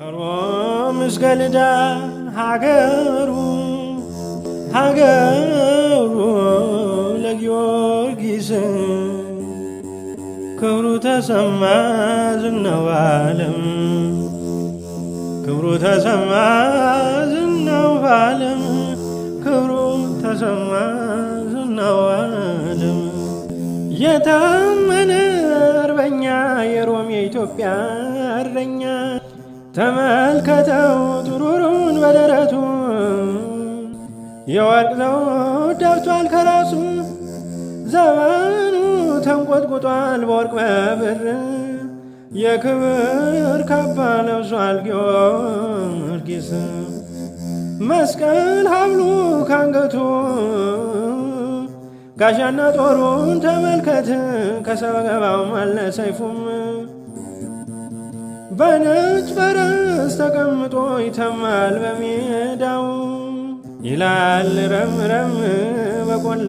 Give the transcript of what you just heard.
ከሮም እስከ ሀገሩ ሀገሩ ለጊዮርጊስ ክብሩ ተሰማ ዝናው ዓለም ክብሩ ተሰማ ዝናው ዓለም ክብሩ ተሰማ ዝናው ዓለም የታመነ እረኛ የሮም የኢትዮጵያ እረኛ ተመልከተው ጥሩሩን በደረቱ የወርቅ ዘውድ ዳብቷል ከራሱ ዘመኑ ተንቆጥቁጧል በወርቅ በብር የክብር ካባ ለብሷል ጊዮርጊስ መስቀል ሀብሉ ካንገቱ ጋሻና ጦሩን ተመልከት ከሰበገባው አለ ሰይፉም በነጭ ፈረስ ተቀምጦ ይተማል በሜዳው ይላል ረምረም በቆላ